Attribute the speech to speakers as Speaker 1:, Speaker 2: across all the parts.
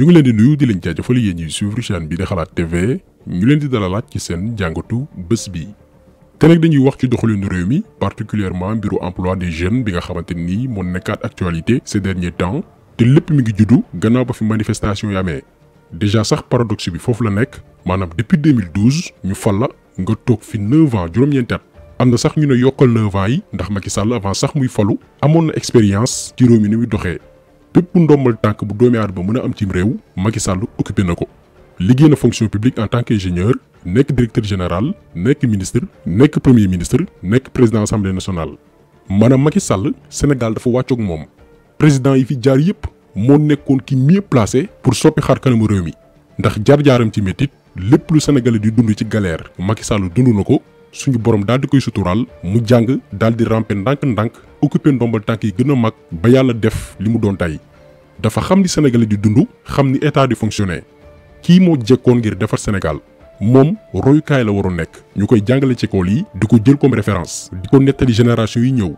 Speaker 1: ñu ngi leen di nuyu di leen jaajëfal yéen ñuy suivre chaîne bi di xalaat TV ñu leen di dalalaat ci seen jàngatu bés bi. te nag dañuy wax ci doxalinu réew mi particulièrement mbiru emploi des jeunes bi nga xamante ni moo nekkaat actualité ces derniers temps te lépp mi ngi juddu gannaaw ba fi manifestation yi amee. déjà sax paradoxe bi foofu la nekk maanaam depuis 2012 ñu fal la nga toog fi 9 ans juróom-ñeenti at am na sax ñu ne yokkal 9 ans yi ndax Macky Sall avant sax muy falu amoon na expérience ci réew mi ni muy doxee bépp ndombal tank bu doomi aadama mën a am cim réew Macky Sall occupé na ko liggéey na fonction publique en tant qu'ingénieur nekk directeur général nekk ministre nekk premier ministre nekk président assemblée nationale. maanaam Macky Sall Sénégal dafa wàccoog moom président yi fi jaar yépp moo nekkoon ki mieux placé pour soppi xar kanamu réew mi ndax jaar-jaaram ci métit lépp lu Sénégalais di dund ci galère Macky Sall dund na ko suñu borom daal di koy suturaal mu jàng daal di rampé ndank-ndank occupé ndombal tànk yi gën a mag ba yàlla def li mu doon tey dafa xam ni sénégalais di dund xam ni état di fonctionner kii moo jekkoon ngir defar Sénégal moom royukaay la waroon nekk ñu koy jàngale ci école yi di ko jël comme référence di ko nettali génération yi ñëw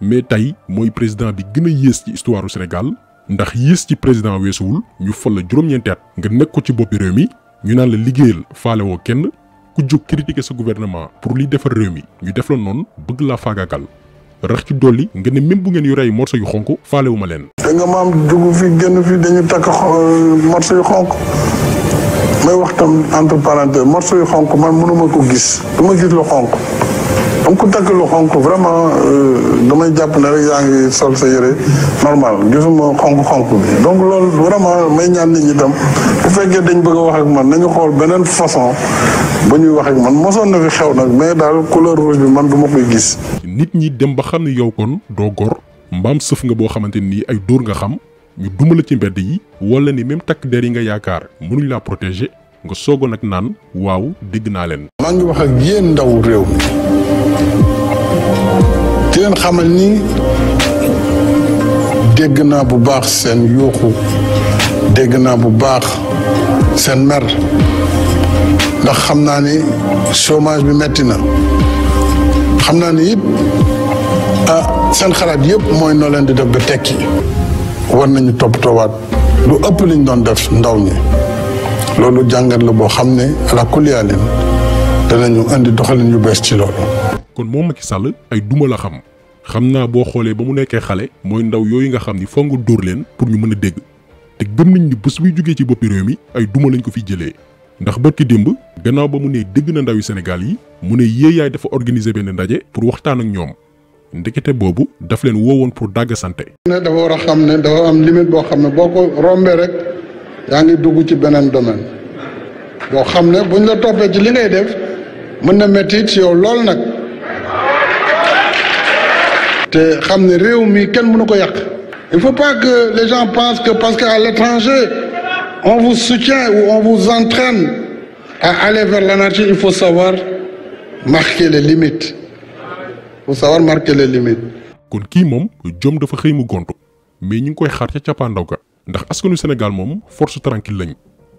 Speaker 1: mais tey mooy président bi gën a yées ci histoire du Sénégal ndax yées ci président weesuwul ñu fal la juróom-ñeenti at nga nekk ko ci boppi réew mi ñu naan la liggéeyal faale kenn ku jóg critiquer sa gouvernement pour liy defar réew mi ñu def noonu bëgg laa faagaagal rax ci dolli nga ne même bu ngeen yoree ay morso yu xonk faalewu ma leen.
Speaker 2: da nga maam dugg fi génn fi dañu takk euh, morso yu xonk may wax tam entre parenthèses morso yu xonk man mënuma ko gis du gis lu xonk. xam ko takk lu xonk vraiment euh, damay jàpp ne rek yaa ngi sol sa yére normal gisuma xonk-xonk bi donc lool vraiment may ñaan nit ñi tam bu fekkee dañ bëgg a wax ak man nañu xool beneen façon ba ñuy wax ak man mosoon na fi xew nag mais daal couleur rouge bi man du ma koy gis.
Speaker 1: nit ñi dem ba xam ne yow kon doo gor mbaam sëf nga boo xamante ni ay dóor nga xam ñu duma la ci mbedd yi wala ni même takk der yi nga yaakaar mënuñ laa protéger nga soogoon ak naan waaw dégg naa leen. maa ngi wax ak yéen ndaw réew mi. leen xamal
Speaker 2: ni dégg naa bu baax seen yuuxu dégg naa bu baax seen mer ndax xam naa ni chômage bi metti na xam naa ni it ah seen xalaat yëpp mooy noo leen di def ba tekki war nañu toppatoowaat lu ëpp liñ doon def ndaw ñi loolu jàngat la boo xam ne ala kulli danañu indi doxalin yu bees ci loolu.
Speaker 1: kon moom Macky Sall ay duma la xam. xam naa boo xoolee ba mu nekkee xale mooy ndaw yooyu nga xam ni foog nga dóor leen pour ñu mën a dégg te gëm nañ ni bés buy jógee ci boppi réew mi ay duma lañ ko fi jëlee ndax barki démb gannaaw ba mu ne dégg na ndawi Sénégal yi mu ne yaay dafa organiser benn ndaje pour waxtaan ak ñoom ndekete boobu daf leen woowoon pour dàgg santé
Speaker 2: dafa war a xam ne dafa am limite boo xam ne boo ko rombee rek yaa ngi dugg ci beneen domaine boo xam ne buñ la toppee ci li ngay def mën na métti ci yow lool nag Il ne faut pas que les gens pensent que parce qu'à l'étranger on vous soutient ou on vous entraîne à aller vers l'anarchie il faut savoir marquer les limites il faut savoir marquer les limites
Speaker 1: kon kii moom jom dafa xëy mu mais ñu ngi koy xaar ca cappaandaw ga ndax askanu Sénégal moom force tranquille lañ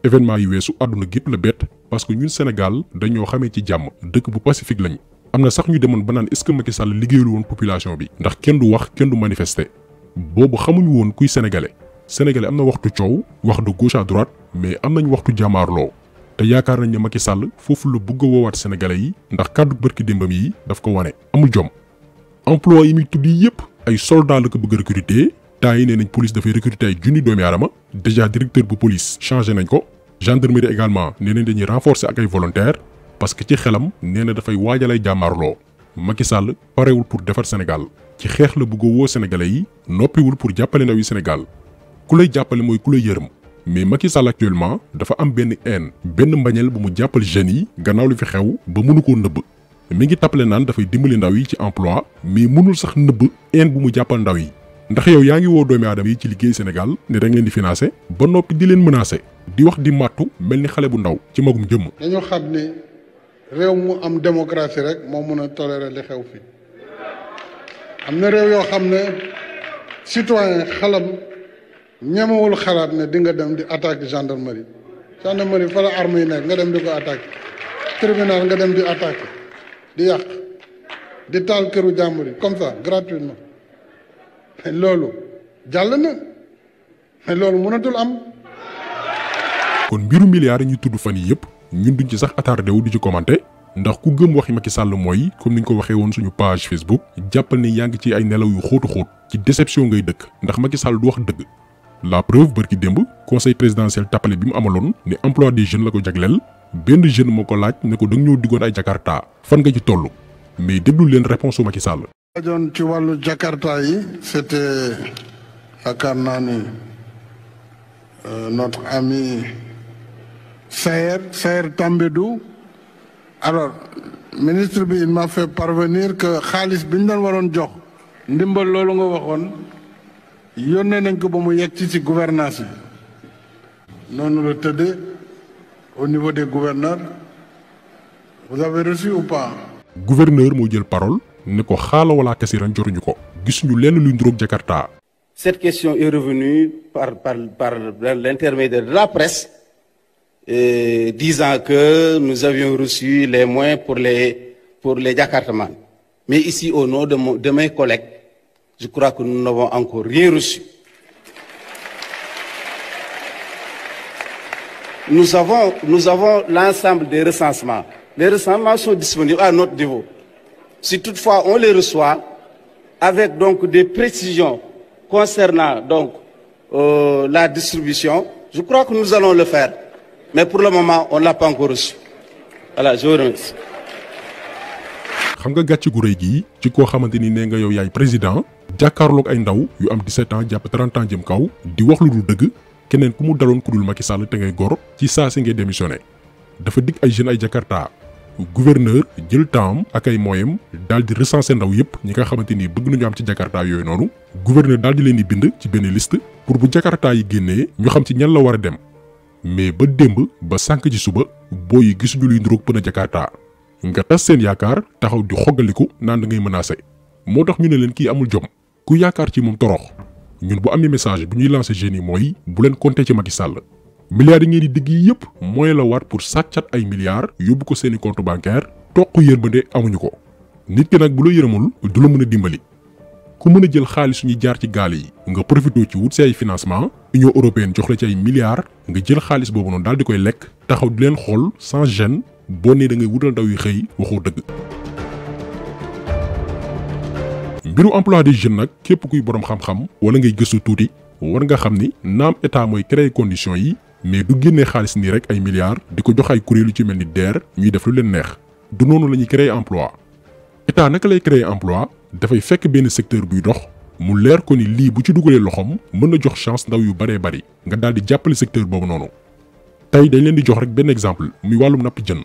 Speaker 1: événement yi weesu àdduna gépp la bett parce que ñun Sénégal dañoo xamee ci jàmm dëkk bu pacifique am na sax ñu demoon ba naan est-ce que Macky Sall liggéeyul woon population bi. ndax kenn du wax kenn du manifester boobu xamuñu woon kuy sénégalais sénégalais am na waxtu coow wax du gauche à droite mais am nañ waxtu jàmmaarloo te yaakaar nañ ne Macky sàll foofu la bëgg a woowaat sénégalais yi ndax kàddu bërki démbam yi daf ko wane. amul jom emploi yi muy tudd yëpp ay soldats la ko bëgg a recruter temps yi nee nañ police dafay recruter ay junni doomi aadama déjà directeur bu police changé nañ ko gendarmerie également nee nañ dañuy renforcer ak parce que ci xelam neena da fay wajalay jamarlo Macky Sall parewul pour défar Sénégal ci xex la bëgg wo sénégalais yi wul pour jappalé ndaw yi Sénégal lay jàppale mooy ku lay mais Macky Sall actuellement dafa am ben haine ben mbagnel bu mu jappal jeune yi gannaaw lu fi xew ba mënu ko neub mi ngi nan da fay dimbali ndaw yi ci emploi mais mënul sax neub haine bu mu jappal ndaw yi ndax yow yaangi wo doomi adam yi ci liggéey Sénégal ni da ngeen di financer ba nopi di leen menacer di wax di matu melni xalé bu ndaw ci magum jëm
Speaker 2: dañu xamné réew mu am démocratie rek moo mën a tolérer li xew fii am na réew yoo xam ne citoyen xalam ñemewul xalaat ne di nga dem di attaque gendarmerie gendarmerie fa la arme yi nekk nga dem di ko attaque tribunal nga dem di attaque di yàq di taal këru jàmbur yi comme ça gratuitement mais loolu jàll na mais loolu mënatul am
Speaker 1: kon mbiru milliards yi ñu tudd fan yi yëpp ñun duñ ci sax attardé wu di ci commenté ndax ku gëm waxi Macky mooy comme ni ñu ko waxee woon suñu page Facebook jàppal ne yaa ngi ci ay nelaw yu xóotu xóot ci déception ngay dëkk ndax Macky Sall du wax dëgg. la preuve bërki démb conseil présidentiel tappale bi mu amaloon ne emploi des jeunes la ko jagleel benn jeune moo ko laaj ne ko da nga ñoo diggoon ay Jakarta fan nga ci toll mais déglu leen réponse su Macky Sall.
Speaker 2: laajoon ci wàllu Jakarta yi c'était yaakaar naa ni euh, notre ami. Saher, Tambedou. Alors, ministre m'a fait parvenir que Khalis Bindan ndimbal au niveau des gouverneurs vous avez reçu ou pas.
Speaker 1: gouverneur parole Jakarta.
Speaker 2: cette question est revenue par par par l'intermédiaire de la presse disant que nous avions reçu les moyens pour les, pour Mais ici, au nom de, mes collègues, je crois que nous n'avons encore rien reçu. Nous avons, nous avons l'ensemble des recensements. Les recensements sont disponibles à notre niveau. Si toutefois on les reçoit, avec donc des précisions concernant donc euh, la distribution, je crois que nous allons le faire. Mais pour le moment, on ne l'a pas encore reçu. Voilà, je vous remercie.
Speaker 1: xam nga gàcce gu rëy gii ci koo xamante ni nga yow yaay président jàkkaarloog ay ndaw yu am 17 ans jàpp 30 ans jëm kaw di wax lu dul dëgg keneen ku mu daloon ku dul Macky Sall te ngay gor ci saa si ngay démissionné dafa dig ay jeune ay Jakarta gouverneur jël tam ak ay moyens dal di recenser ndaw yépp ñi nga xamanteni ni bëgg nañu am ci Jakarta yooyu noonu gouverneur dal di leen di bind ci benn liste pour bu Jakarta yi génné ñu xam ci ñan la wara dem. mais ba démb ba sànq ci suba booy yi gisuñu luy niroog pneu Jakarta nga tas seen yaakaar taxaw di xoggaliku naan da ngay menacé moo tax ñu ne leen kii amul jom ku yaakaar ci moom torox ñun bu amee message bu ñuy lancé jeunes yi mooy bu leen compter ci Macky Sall milliards yi ngeen di digg yi yëpp mooy la waat pour sàccat ay milliards yóbbu ko seeni compte bancaire toq yërmande amuñu ko nit ki nag bu la yërëmul du la mën a dimbali. ku mëna jël xaaliss ñu jaar ci gaal yi nga profito ci wut say financement union européenne jox la ci ay milliards nga jël xaaliss bobu non dal di koy lek taxaw di len xol sans gêne boo da ngay wutal daw yi xey waxo deug biru emploi des jeunes nak képp kuy borom xam-xam wala ngay gëssu tuuti war nga xam ni état moy créer conditions yi mais du guéné xaaliss ni rek ay milliards diko jox ay kuréelu ci melni DER ñuy def lu len neex du nonu lañuy créer emploi état nak lay créer emploi dafay fekk benn secteur buy dox mu leer ko ni lii bu ci dugalee loxom mën na jox chance ndaw yu baree bari nga daal di jàppale secteur boobu noonu. tey dañ leen di jox rek benn exemple muy wàllum napp jën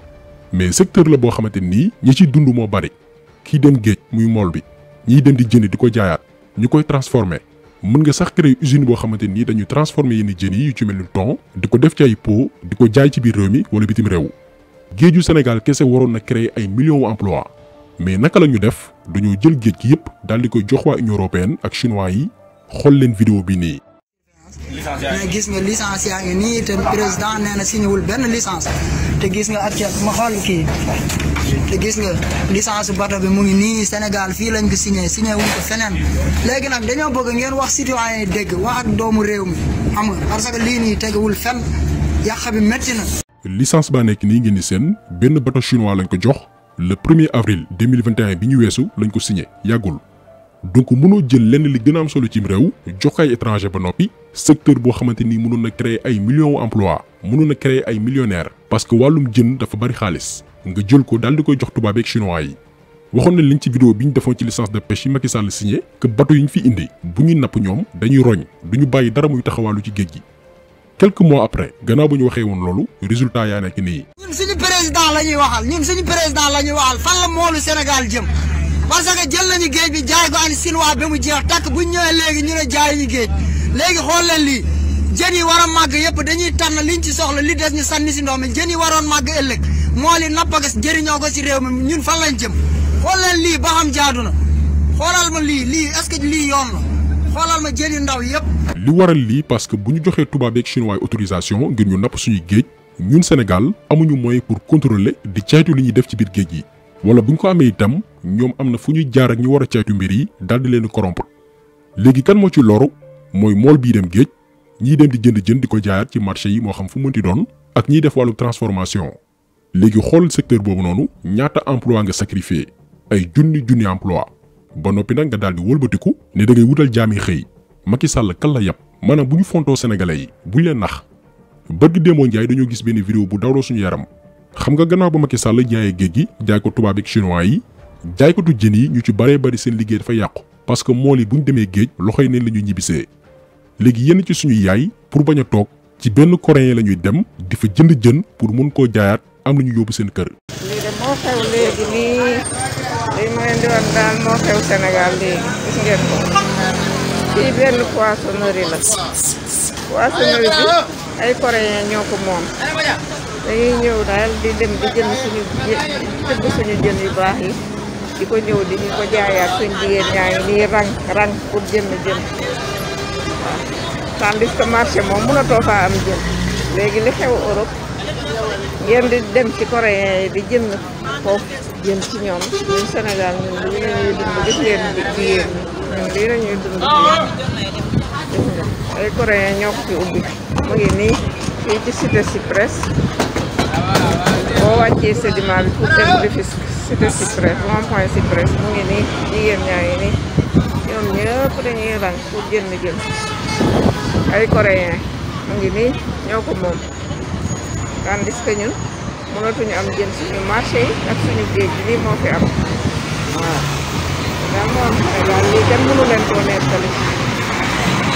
Speaker 1: mais secteur la boo xamante ni ñi ci dund moo bari kii dem géej muy mool bi ñiy dem di jënd di ko jaayaat ñu koy transformer mën nga sax créer usine boo xamante ni dañuy transformer yenn jën yi yu ci mel ni thon di ko def ci ay pot di ko jaay ci biir réew mi wala bitim réew géeju Sénégal kese waroon na créer ay millions emploi mais naka lañu def dañoo jël géej gi yëpp dal di koy jox waa Union européenne ak chinois yi xol leen vidéo bi nii.
Speaker 3: mais gis nga licence yaa ngi nii te président nee na signé wul benn licence te gis nga actuel ma xool kii te gis nga licence bato bi mu ngi nii Sénégal fii lañ ko signé signé wuñ ko feneen léegi nag dañoo bëgg ngeen wax citoyen yi dégg wax ak doomu réew mi xam nga parce que lii nii tegewul fenn yàq bi métti na.
Speaker 1: licence baa nekk nii ngeen ni seen benn bato chinois lañ ko jox. le 1er avril 2021 bi ñu weesu lañ ko signé yàggul donc mënoo jël lenn li gën a am solo cim réew jox ay étranger ba noppi secteur boo xamante ni mënoon na créer ay millions emploi mënoon na créer ay millionnaires parce que wàllum jën dafa bari xaalis nga jël ko daal di koy jox tubaab ak chinois yi. waxoon nañ liñ ci vidéo bi ñu defoon ci licence de pêche yi Macky Sall signé que bateau yi ñu fi indi bu ñuy napp ñoom dañuy roñ du ñu bàyyi dara muy taxawaalu ci géej gi. quelques mois après gannaaw bu ñu waxee woon loolu résultat yaa nekk nii.
Speaker 3: ñun suñu président la ñuy waxal ñun suñu président la ñuy waxal fan la moolu Sénégal jëm parce que jël nañu géej bi jaay ko an Sinoa ba mu jeex takk bu ñu ñëwee léegi ñu ne jaay ñu géej léegi xool leen lii jën yi war a màgg yëpp dañuy tànn liñ ci soxla li des ñu sànni si ndox mi jën yi waroon màgg ëllëg moo li napp ak jëriñoo ko si réew mi ñun fan lañ jëm xool leen lii ba xam jaadu na xoolal ma lii lii est que lii yoon xoolal ma jën ndaw yëpp.
Speaker 1: li waral li parce que buñu ñu joxee bek chinois autorisation ngir ñu napp suñu géej ñun Sénégal amuñu moyen pour contrôler di caytu li ñi def ci biir géej yi wala buñ ko amé itam ñom amna fuñu jaar ak ñu wara a mbir yi dal di leen corrompre légui kan mo ci loru moy mol bi dem géej ñi dem di jënd jënd di ko jaayaat ci marché yi mo xam fu mënti doon ak ñi def walu transformation légui xol secteur bobu nonu ñaata emploi nga sacrifié ay junni junni emploi ba nopi nak nga daldi wolbeutiku ne da ngay wutal jami xey Macky Sall kan la yab maanaam buñu fonto sénégalais yi buñ leen nax bëgg deemoo njaay dañu gis bénn vidéo bu dawloo suñu yaram xam nga gannaaw ba Macky Sall jaayee géej gi jaay ko tubaab ak chinois yi jaay ko tu jeni ñu ci baree bari seen liggéey fa yàqu parce que mool yi bu ñu demee géej loxoy neen lañu ñibisé légui yeen ci suñu yaay pour baña tok ci benn coréen la dem di fa jënd pour mën ko jaayat am lu yobu seen kër.
Speaker 3: xew Imagine andando a Senegalí. Es cierto. fii benn poissonnerie la poissonnerie bi ay coréen ñoo ko moom dañuy ñëw di dem di jënd suñu tëgg suñu di ko ñu ko jaayaat suñ jigéen rang rang pour jënd jën tandis que marché moom mënatoo faa am li xew Europe di dem ci coréen di ko jëm ci ñoom ñun Sénégal ñun lii la ñuy dund gis leen ci yéen ñun lii la ñuy dund gis nga ay coréen ñoo ko ci ubbi mu ngi nii fii ci cité cypress boo wàccee sédiment bi pour dem di fi cité cypress rond point cypress mu ngi nii jigéen ñaa ngi nii ñoom ñëpp dañuy rang pour jënd jël ay coréen mu ngi mënatuñu am jën suñu marché yi ak suñu géej lii moo fi am waaw daa moo am Sénégal lii kenn mënu koo nettali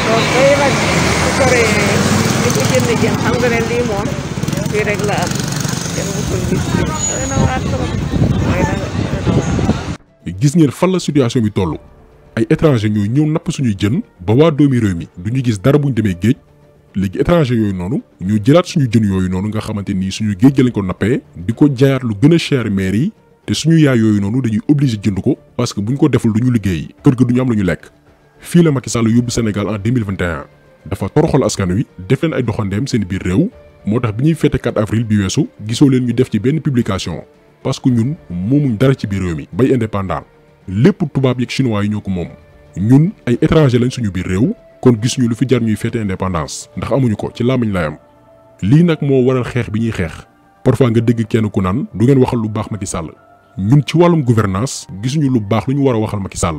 Speaker 3: donc day nag su soree di ko jënd jën xam nga ne lii moom fii rek la am
Speaker 1: gis bi doy ngeen fan la situation bi toll ay étranger ñooy ñëw napp suñuy jën ba waa doomi réew mi duñu gis dara buñ demee géej léegi étranger yooyu noonu ñu jëlaat suñu jën yooyu noonu nga xamante ni suñu géej gi lañ ko nappee di ko jaayaat lu gën a maire yi te suñu yaay yooyu noonu dañuy obligé jënd ko parce que buñ ko deful duñu liggéey kër ga duñu am lu ñu lekk fii la Macky Sall yóbbu Sénégal en 2021 dafa toroxal askan wi def leen ay doxandeem seen biir réew moo tax bi ñuy fête 4 avril bi weesu gisoo leen ñu def ci benn publication parce que ñun moomuñ dara ci biir réew mi bay indépendant lépp tubaab yeeg chinois yi ñoo ko moom ñun ay étranger lañ suñu biir réew kon gisuñu lu fi jar ñuy féete indépendance ndax amuñu ko ci làmmiñ laay am lii nag moo waral xeex bi ñuy xeex parfois nga dégg kenn ku naan du ngeen waxal lu baax Macky Sall ñun ci wàllum gouvernance gisuñu lu baax lu ñu war a waxal Macky Sall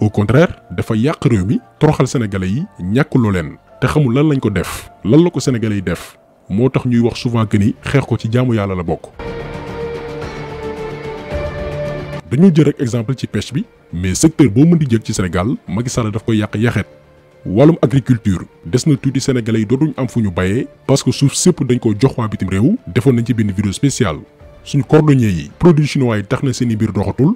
Speaker 1: au contraire dafa yàq réew mi toroxal sénégalais yi ñàkkuloo leen te xamul lan lañ ko def lan la ko sénégalais yi def moo tax ñuy wax souvent que ni xeex ko ci jaamu yàlla la bokk. dañoo jël rek exemple ci pêche bi mais secteur boo mën di jël ci Sénégal Macky Sall daf koy yàq yaxet wàllum agriculture des na tuuti sénégalais yi dootuñ am fuñu bayé parce que souf sépp dañ ko jox wa bitim réew defon nañ ci bénn vidéo spéciale suñu cordonnier yi produit chinois yi taxna na bir doxatul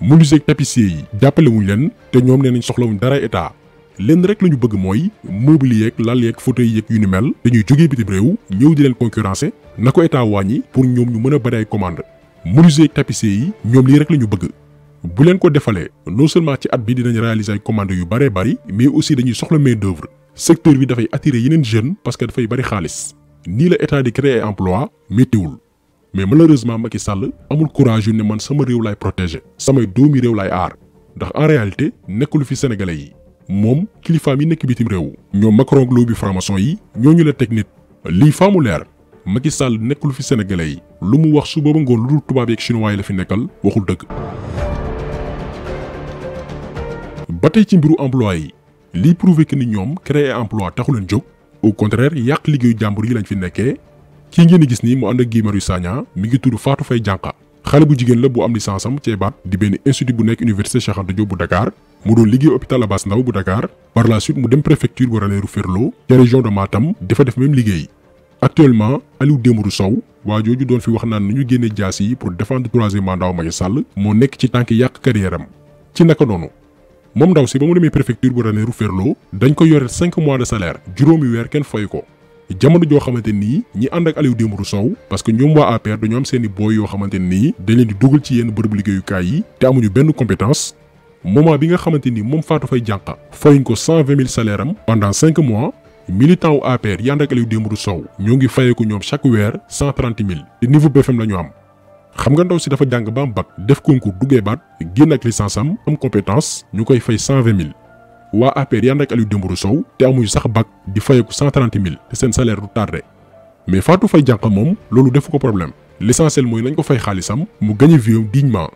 Speaker 1: menuisier tapissier yi jàppale wuñ leen te ñoom nee nañ soxlawuñ dara état lenn rek lañu bëgg moy mobilier ak lal fauteuil ak yu mel dañuy joggé bitim réew ñëw di leen concurrencer na état wañi pour ñom ñu mëna bëray commande menuisier tapissier yi ñom li rek lañu bëgg bu leen ko defalee non seulement ci at bi dinañ réaliser ay commandes yu bari bari mais aussi dañuy soxla main d'œuvre secteur bi fay attirer yeneen jeunes parce que fay bari xaalis ni la état di créer emploi méttiwul mais malheureusement Macky Sall amul courage ne man sama rew lay protéger samay doomi rew lay ar ndax en réalité nekkul fi sénégalais yi mom kilifaam yi nekk bitim rew ñom Macron loo bi franc-maçon yi ñooñu la teg nit lii faamu leer Macky Sall nekkul fi sénégalais yi lu mu wax su booba ngol lu dul tubaab chinois yi la fi nekkal waxul deug Bate ci mbiru emploi yi yom prouvé que ni ñom créer emploi taxul ñu job au contraire yak ligui jambour yi lañ fi nekké ki ngeen gis nii mu ànd ak Guy Marius Sagna mi ngi am licence am ci di institut bu université Cheikh Anta Diop bu Dakar mu hôpital bu par la suite mu dem préfecture bu Ranérou Ferlo ci région de Matam defa def même liguey actuellement Aliou Dembourou Sow wajoju jooju doon fi wax pour défendre troisième mandat Macky Sall mo nekk ci carrière mom ndaw si bamou demé préfecture bu rou Ferlo dañ ko yoré 5 mois de salaire juróomi wér ken fay ko jamono jo xamanteni ñi and ak Aliou Dembourou Sow parce que ñom wa APR dañoo ñom seen boy yo xamanteni dañ leen di duggal ci yenn bërëbu kay yi té amuñu benn compétence moment bi nga xamanteni mom moom Fatou Faye Diankha fayuñ ko 120000 salaire am pendant 5 mois militant wu APR yi ak Aliou Dembourou Sow ñoo ngi ko chaque wér 130000 niveau BFM lañu am xam nga ndaw si dafa jàng ba am bac def concours duggee baat génn ak licence am am compétence ñu koy fay cent vingt mille waa APR yànd ak Aliou Dembourou Sow te amuñu sax bac di fayeku cent trente mille te seen salaire du tardé mais Fatou fay Diakha moom loolu defu ko problème l'essentiel mooy nañ ko fay xaalisam mu gagné viom dignement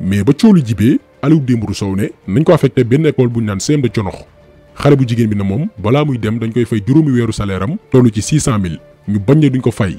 Speaker 1: mais ba coolu jibee Aliou Dembourou Sow ne nañ ko affecté benn école bu ñu naan CM de Conox xale bu jigéen bi ne moom balaa muy dem dañ koy fay juróomi weeru salaire am toll ci six cent mille ñu bañ ne duñ ko fay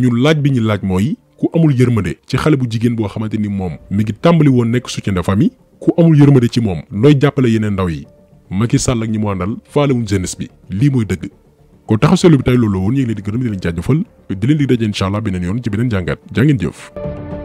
Speaker 1: ñun laaj bi ñu laaj mooy ku amul yërmande ci xale bu jigéen boo xamante ni moom mi ngi tàmbali woon nekk soutien de famille ku amul yërmande ci moom nooy jàppale yeneen ndaw yi Macky Sall ak ñi mu àndal faalewuñ jeunesse bi lii mooy dëgg kon taxaw seetlu bi tay loolu woon ñu ngi leen di gërëm di leen jaajëfal di leen di daje incha beneen yoon ci beneen jàngat jàngeen jëf